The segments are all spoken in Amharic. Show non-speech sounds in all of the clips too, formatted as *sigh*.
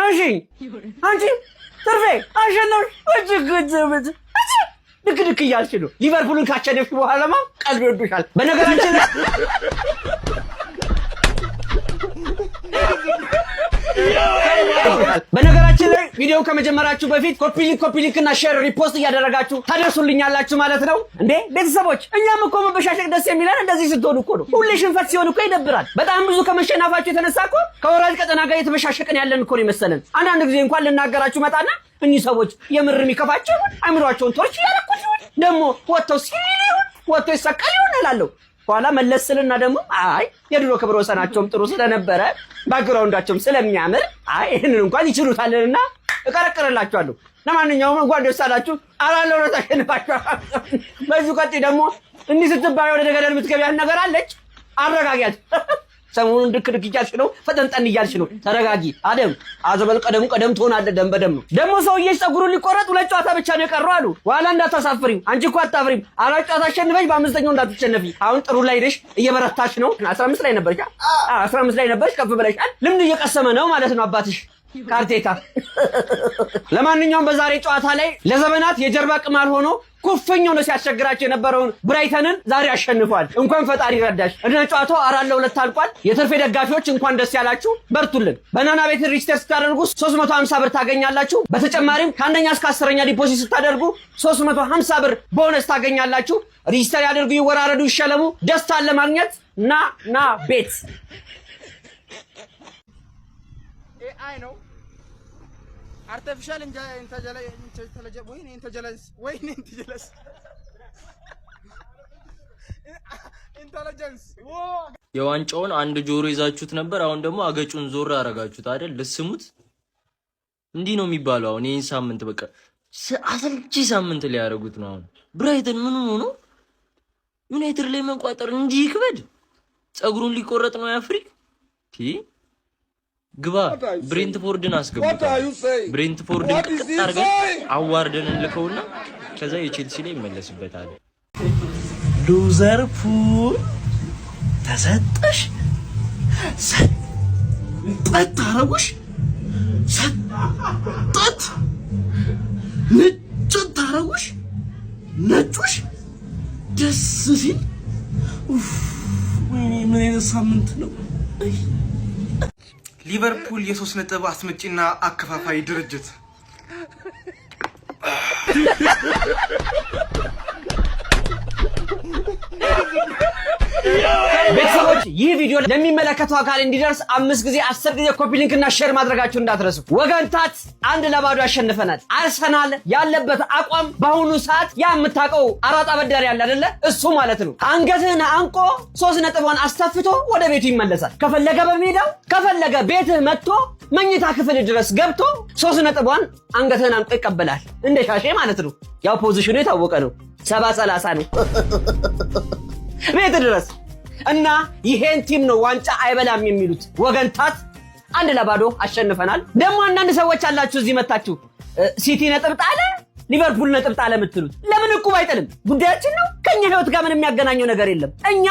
እሺ አንቺ ትርፌ አሸነፍሽ። እጅግት ድክ ድክ እያልሽ ነው። ሊቨርፑልን ካሸነፍሽ በኋላማ ቀልብ ይወዱሻል። በነገራችን *laughs* በነገራችን ቪዲዮ ከመጀመራችሁ በፊት ኮፒሊክ ኮፒሊክ እና ሼር ሪፖስት እያደረጋችሁ ታደርሱልኛላችሁ ማለት ነው። እንዴ ቤተሰቦች፣ እኛም እኮ መበሻሸቅ ደስ የሚለን እንደዚህ ስትሆኑ እኮ ነው። ሁሌ ሽንፈት ሲሆን እኮ ይደብራል። በጣም ብዙ ከመሸናፋችሁ የተነሳ እኮ ከወራጅ ቀጠና ጋር የተበሻሸቅን ያለን እኮ ነው የመሰለን። አንዳንድ ጊዜ እንኳን ልናገራችሁ መጣና እኚህ ሰዎች የምር የሚከፋቸው ይሆን? አይምሯቸውን ቶርች እያደረኩት ይሆን? ደግሞ ወጥተው ሲል ይሆን? ወጥተው ይሰቀል ይሆን እላለሁ። በኋላ መለስ ስልና ደግሞ አይ የድሮ ክብረ ወሰናቸውም ጥሩ ስለነበረ ባግራውንዳቸውም ስለሚያምር አይ ይህንን እንኳን ይችሉታልንና እቀረቅርላችኋለሁ። ለማንኛውም ጓዶች ሳላችሁ አላለሁ ነው ተሸንፋችኋል። በዚሁ ቀጥ ደግሞ እንዲህ ስትባይ ወደ ገደል የምትገቢያት ነገር አለች። አረጋጊያት። *laughs* ሰሞኑን ድክ ድክ እያልሽ ነው፣ ፈጠንጠን እያልሽ ነው። ተረጋጊ አደም። አዘበል ቀደም ቀደም ትሆናለህ። ደም በደም ነው ደግሞ ሰውዬሽ። ፀጉሩን ሊቆረጥ ሁለት ጨዋታ ብቻ ነው የቀረው አሉ። ዋላ እንዳታሳፍሪም፣ አንቺ እኮ አታፍሪም። አራት ጨዋታ አሸንፈሽ በአምስተኛው እንዳትሸነፊ። አሁን ጥሩ ላይ ነሽ፣ እየበረታሽ ነው። አስራ አምስት ላይ ነበርሽ፣ አስራ አምስት ላይ ነበርሽ፣ ከፍ ብለሻል። ልምድ እየቀሰመ ነው ማለት ነው አባትሽ ካርቴታ። ለማንኛውም በዛሬ ጨዋታ ላይ ለዘመናት የጀርባ ቅማል ሆኖ ኩፍኝ ሆኖ ሲያስቸግራቸው የነበረውን ብራይተንን ዛሬ አሸንፏል። እንኳን ፈጣሪ ረዳሽ። እድነ ጨዋታው አራት ለሁለት አልቋል። የትርፌ ደጋፊዎች እንኳን ደስ ያላችሁ፣ በርቱልን። በናና ቤት ሪጅስተር ስታደርጉ 350 ብር ታገኛላችሁ። በተጨማሪም ከአንደኛ እስከ አስረኛ ዲፖዚት ስታደርጉ 350 ብር ቦነስ ታገኛላችሁ። ሪጅስተር ያደርጉ፣ ይወራረዱ፣ ይሸለሙ። ደስታን ለማግኘት ና ና ቤት አይ ነው። አርቲፊሻል ኢንተለጀንስ ወይኔ ኢንተለጀንስ ኢንተለጀንስ የዋንጫውን አንድ ጆሮ ይዛችሁት ነበር። አሁን ደግሞ አገጩን ዞር አረጋችሁት አይደል? ልስሙት። እንዲህ ነው የሚባለው። አሁን ይህን ሳምንት በቃ አሰልቺ ሳምንት ሊያደርጉት ነው። አሁን ብራይተን ምን ሆኖ ዩናይትድ ላይ መቋጠር እንዲህ ይክበድ? ጸጉሩን ሊቆረጥ ነው የአፍሪክ ግባ ብሬንትፎርድን አስገቡት። ብሬንትፎርድን ቅጥ አድርገን አዋርደን እንልከውና ከዛ የቼልሲ ላይ ይመለስበታል። ሉዘርፑል ተሰጠሽ ሰጠት አረጉሽ ሰጠት ንጭት አረጉሽ ነጩሽ ደስ ሲል ምን አይነት ሳምንት ነው? ሊቨርፑል የሶስት ነጥብ አስመጪና አከፋፋይ ድርጅት ይህ ቪዲዮ ለሚመለከተው አካል እንዲደርስ አምስት ጊዜ አስር ጊዜ ኮፒ ሊንክና ሼር ማድረጋችሁ እንዳትረሱ። ወገንታት አንድ ለባዶ ያሸንፈናል። አርሰናል ያለበት አቋም በአሁኑ ሰዓት ያ የምታውቀው አራጣ በዳሪ ያለ አደለ እሱ ማለት ነው። አንገትህን አንቆ ሶስት ነጥቧን አስተፍቶ ወደ ቤቱ ይመለሳል። ከፈለገ በሜዳው ከፈለገ ቤትህ መጥቶ መኝታ ክፍል ድረስ ገብቶ ሶስት ነጥቧን አንገትህን አንቆ ይቀበላል። እንደ ሻሼ ማለት ነው። ያው ፖዚሽኑ የታወቀ ነው። ሰባ ሰላሳ ነው ቤት ድረስ እና ይሄን ቲም ነው ዋንጫ አይበላም የሚሉት ወገንታት አንድ ለባዶ አሸንፈናል። ደግሞ አንዳንድ ሰዎች አላችሁ እዚህ መታችሁ ሲቲ ነጥብ ጣለ፣ ሊቨርፑል ነጥብ ጣለ የምትሉት ለምን እቁብ አይጥልም? ጉዳያችን ነው። ከኛ ህይወት ጋር ምን የሚያገናኘው ነገር የለም። እኛ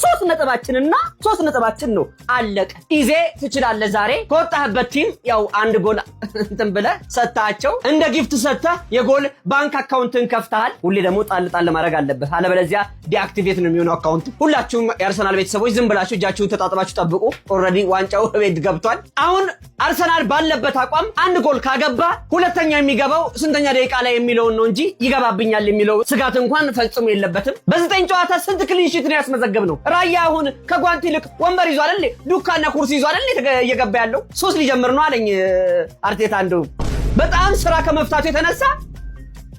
ሶስት ነጥባችንና ሶስት ነጥባችን ነው። አለቀ። ኢዜ ትችላለ ዛሬ ከወጣህበት ቲም ያው አንድ ጎል እንትን ብለ ሰታቸው እንደ ጊፍት ሰተ የጎል ባንክ አካውንትን ከፍተሃል። ሁሌ ደግሞ ጣል ጣል ማድረግ አለብህ፣ አለበለዚያ ዲአክቲቬት ነው የሚሆነው አካውንት። ሁላችሁም የአርሰናል ቤተሰቦች ዝም ብላችሁ እጃችሁን ተጣጥባችሁ ጠብቁ። ኦልሬዲ ዋንጫው *laughs* ቤት ገብቷል። አሁን አርሰናል ባለበት አቋም አንድ ጎል ካገባ ሁለተኛ የሚገባው ስንተኛ ደቂቃ ላይ የሚለውን ነው እንጂ ይገባብኛል የሚለው ስጋት እንኳን ፈጽሞ የለበትም። በዘጠኝ ጨዋታ ስንት ክሊንሺት ነው ያስመዘገብ ነው? ራያ አሁን ከጓንት ይልቅ ወንበር ይዞ አለ ዱካና ኩርሲ ይዞ አለ እየገባ ያለው ሶስት ሊጀምር ነው አለኝ አርቴታ። እንደው በጣም ስራ ከመፍታቱ የተነሳ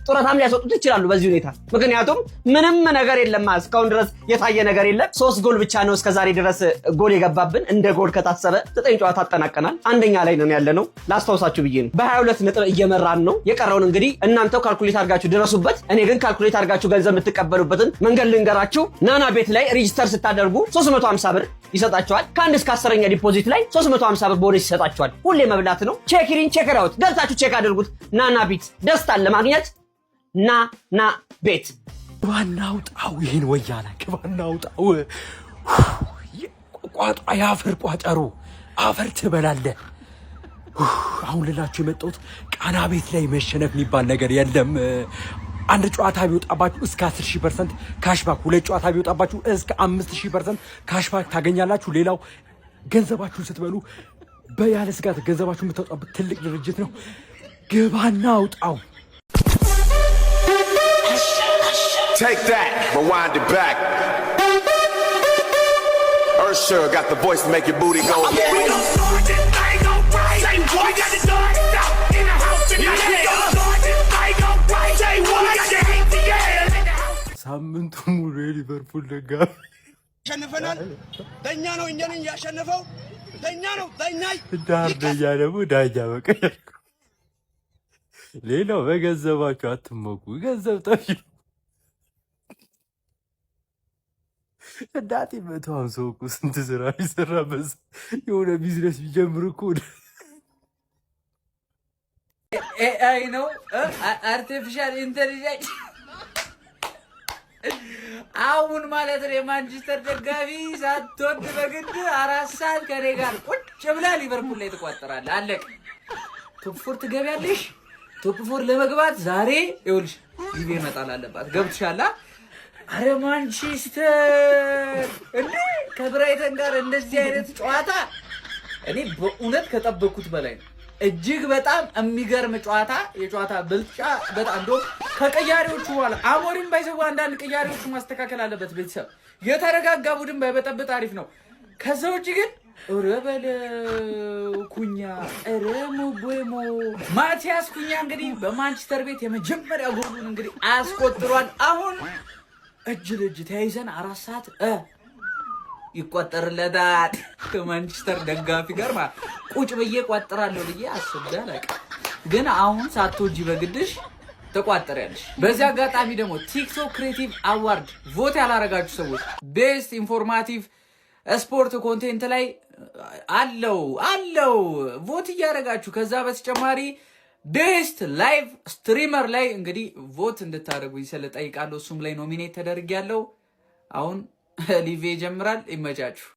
ጡረታም ሊያስወጡት ይችላሉ በዚህ ሁኔታ። ምክንያቱም ምንም ነገር የለም፣ እስካሁን ድረስ የታየ ነገር የለም። ሶስት ጎል ብቻ ነው እስከዛሬ ድረስ ጎል የገባብን። እንደ ጎል ከታሰበ ዘጠኝ ጨዋታ አጠናቀናል፣ አንደኛ ላይ ነን ያለ ነው። ላስታውሳችሁ ብዬ ነው። በ22 ነጥብ እየመራን ነው። የቀረውን እንግዲህ እናንተው ካልኩሌት አድርጋችሁ ድረሱበት። እኔ ግን ካልኩሌት አድርጋችሁ ገንዘብ የምትቀበሉበትን መንገድ ልንገራችሁ። ናና ቤት ላይ ሬጂስተር ስታደርጉ 350 ብር ይሰጣቸዋል። ከአንድ እስከ አስረኛ ዲፖዚት ላይ 350 ብር ቦነስ ይሰጣቸዋል። ሁሌ መብላት ነው። ቼክ ኢን ቼክ አውት ገብታችሁ ቼክ አድርጉት። ናና ቤት ደስታን ለማግኘት ና ና ቤት ባናውጣው ይህን ወያላ ባናውጣው ቋጧ የአፈር ቋጠሩ አፈር ትበላለህ። አሁን ልላችሁ የመጣሁት ቃና ቤት ላይ መሸነፍ የሚባል ነገር የለም። አንድ ጨዋታ ቢወጣባችሁ እስከ 10 ሺህ ፐርሰንት ካሽባክ፣ ሁለት ጨዋታ ቢወጣባችሁ እስከ 5 ሺ ፐርሰንት ካሽባክ ታገኛላችሁ። ሌላው ገንዘባችሁን ስትበሉ በያለ ስጋት ገንዘባችሁን የምታወጣበት ትልቅ ድርጅት ነው። ግባና አውጣው። Take that, rewind it back. Ursher got the voice to make your booty go. Yeah. We gon' start this thing alright. Say what? We got the dogs out in the house tonight. Yeah. We gon' start this thing alright. Say what? We got the ATL in the house. ሳምንቱ ሙሉ የሊቨርፑል ደጋፊ ያሸንፈናል። በእኛ ነው እኛን ያሸነፈው። በእኛ ነው በእኛ ዳርደኛ ደግሞ ዳኛ በቀየርኩ። ሌላው በገንዘባችሁ አትሞቁ። ገንዘብ ጠፊ እንዳቴ መቶ ሀምሳ እኮ ስንት ስራ ይሰራ በዛ የሆነ ቢዝነስ ቢጀምር እኮ ኤአይ ነው አርቲፊሻል ኢንተሊጀንስ አሁን ማለት ነው። የማንቸስተር ደጋፊ ሳትወድ በግድ አራት ሰዓት ከኔ ጋር ቁጭ ብላ ሊቨርፑል ላይ ትቋጠራል። አለቅ ቶፕ ፎር ትገቢያለሽ። ቶፕ ፎር ለመግባት ዛሬ ይኸውልሽ ጊዜ መጣል አለባት ገብትሻላ አረ ማንቸስተር እንዴ ከብራይተን ጋር እንደዚህ አይነት ጨዋታ እኔ በእውነት ከጠበኩት በላይ ነው። እጅግ በጣም የሚገርም ጨዋታ፣ የጨዋታ ብልጫ በጣም እንደውም ከቅያሬዎቹ በኋላ አሞሪም ባይሰው አንዳንድ ቅያሬዎቹ ማስተካከል አለበት። ቤተሰብ የተረጋጋ ቡድን ባይበጠብጥ አሪፍ ነው። ከዛ ውጭ ግን ረበለ ኩኛ፣ ረሙ ቦሞ ማቲያስ ኩኛ እንግዲህ በማንቸስተር ቤት የመጀመሪያ ጎሉን እንግዲህ አስቆጥሯል አሁን እጅ ለእጅ ተያይዘን አራት ሰዓት ይቆጠርለታል ከማንቸስተር ደጋፊ ጋር ቁጭ ብዬ ቋጥራለሁ ብዬ አስቤ ግን አሁን ሳትወጂ በግድሽ ተቋጠሪያለሽ። በዚህ አጋጣሚ ደግሞ ቲክቶክ ክሬቲቭ አዋርድ ቮት ያላረጋችሁ ሰዎች ቤስት ኢንፎርማቲቭ ስፖርት ኮንቴንት ላይ አለው አለው ቮት እያደረጋችሁ ከዛ በተጨማሪ ድስት ላይቭ ስትሪመር ላይ እንግዲህ ቮት እንድታደርጉ እንድታደርጉኝ ስለጠይቃለሁ። እሱም ላይ ኖሚኔት ተደርግ ያለው አሁን *laughs* ሊቬ ይጀምራል። ይመቻችሁ።